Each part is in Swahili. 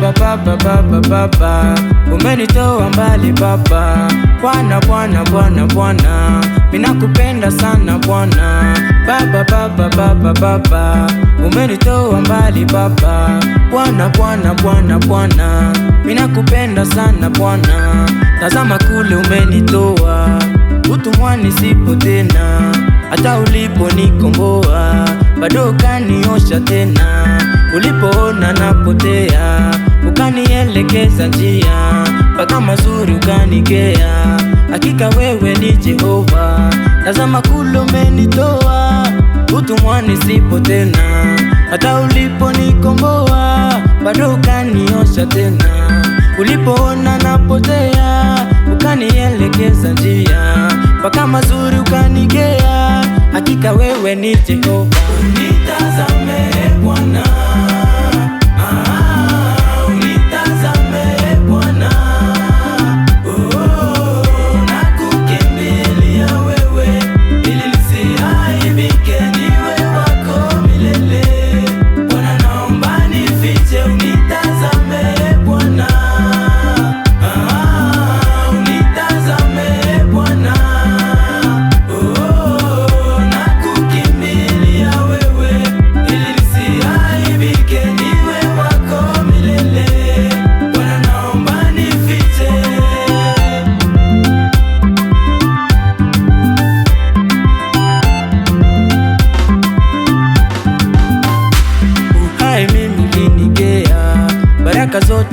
baba baba baba baba, umenitoa mbali baba. Bwana bwana bwana bwana, minakupenda sana bwana baba baba baba baba, umenitoa mbali baba. Bwana bwana bwana bwana, minakupenda sana bwana. Tazama kule umenitoa utumwani, sipo tena, hata uliponikomboa bado kaniosha tena, ulipoona napotea nitengeneza njia mpaka mazuri ukanigea. Hakika wewe ni Jehova, tazama kule umenitoa, utumwani, sipo tena, hata uliponikomboa bado ukaniosha tena, ulipoona napotea ukanielekeza njia mpaka mazuri ukanigea. Hakika wewe ni Jehova, unitazame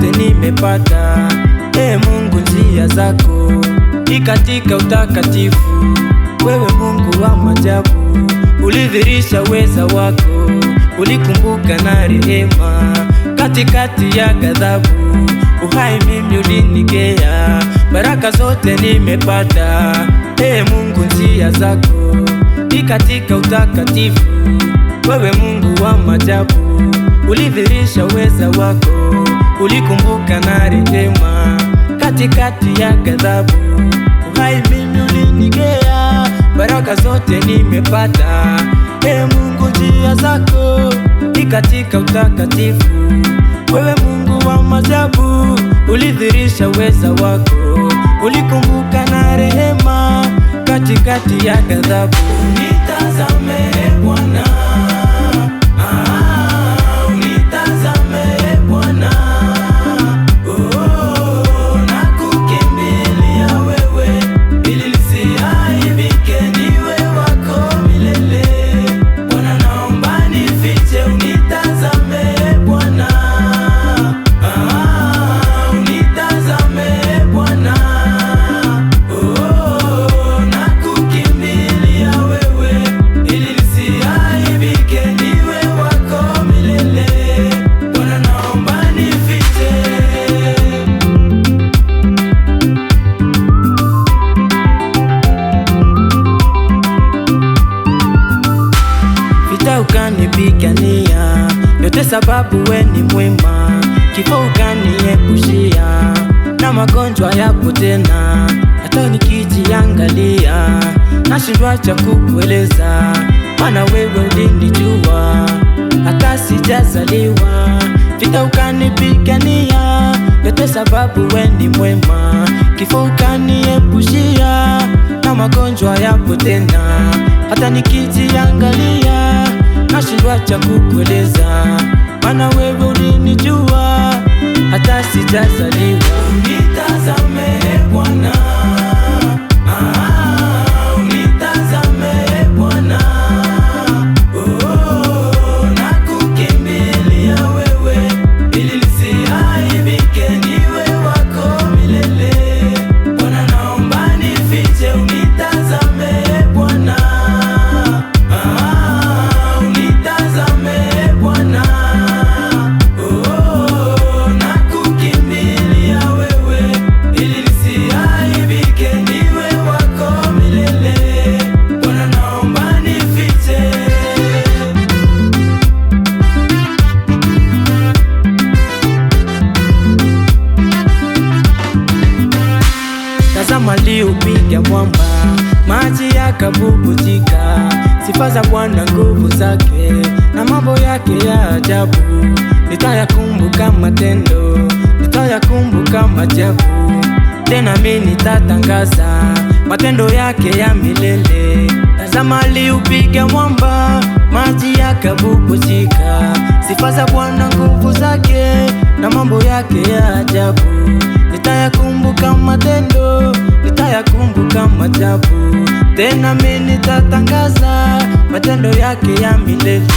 yote nimepata, e Mungu njia zako ni katika utakatifu. Wewe Mungu wa majabu ulidhirisha uweza wako, ulikumbuka na rehema katikati ya ghadhabu. Uhai mimi ulinigea, baraka zote nimepata, e Mungu njia zako ni katika utakatifu. Wewe Mungu wa majabu ulidhirisha uweza wako kulikumbuka na rehema katikati ya ghadhabu. Uhai mimi ulinigea, baraka zote nimepata. Ee Mungu, njia zako ni katika utakatifu. Wewe Mungu wa maajabu, ulidhirisha uweza wako, ulikumbuka na rehema katikati ya ghadhabu. Nitazame Bwana sababu we ni mwema, kifo ukaniepushia na magonjwa yapo tena, hata nikijiangalia nashindwa cha kukueleza, maana wewe ulinijua hata sijazaliwa, vita ukanipigania yote sababu we ni mwema, kifo ukaniepushia na magonjwa yapo tena, hata nikijiangalia nashindwa cha kukueleza, mana wewe ulinijua hata sijazaliwa kupiga mwamba, maji yakabubutika. Sifa za Bwana, nguvu zake na mambo yake ya ajabu, nitayakumbuka matendo, nitayakumbuka maajabu. Tena mi nitatangaza matendo yake ya milele. Tazama, aliupiga mwamba, maji yakabubutika. Sifa za Bwana, nguvu zake na mambo yake ya ajabu, nitayakumbuka matendo nitayakumbuka machafu, tena mimi nitatangaza matendo yake ya milele.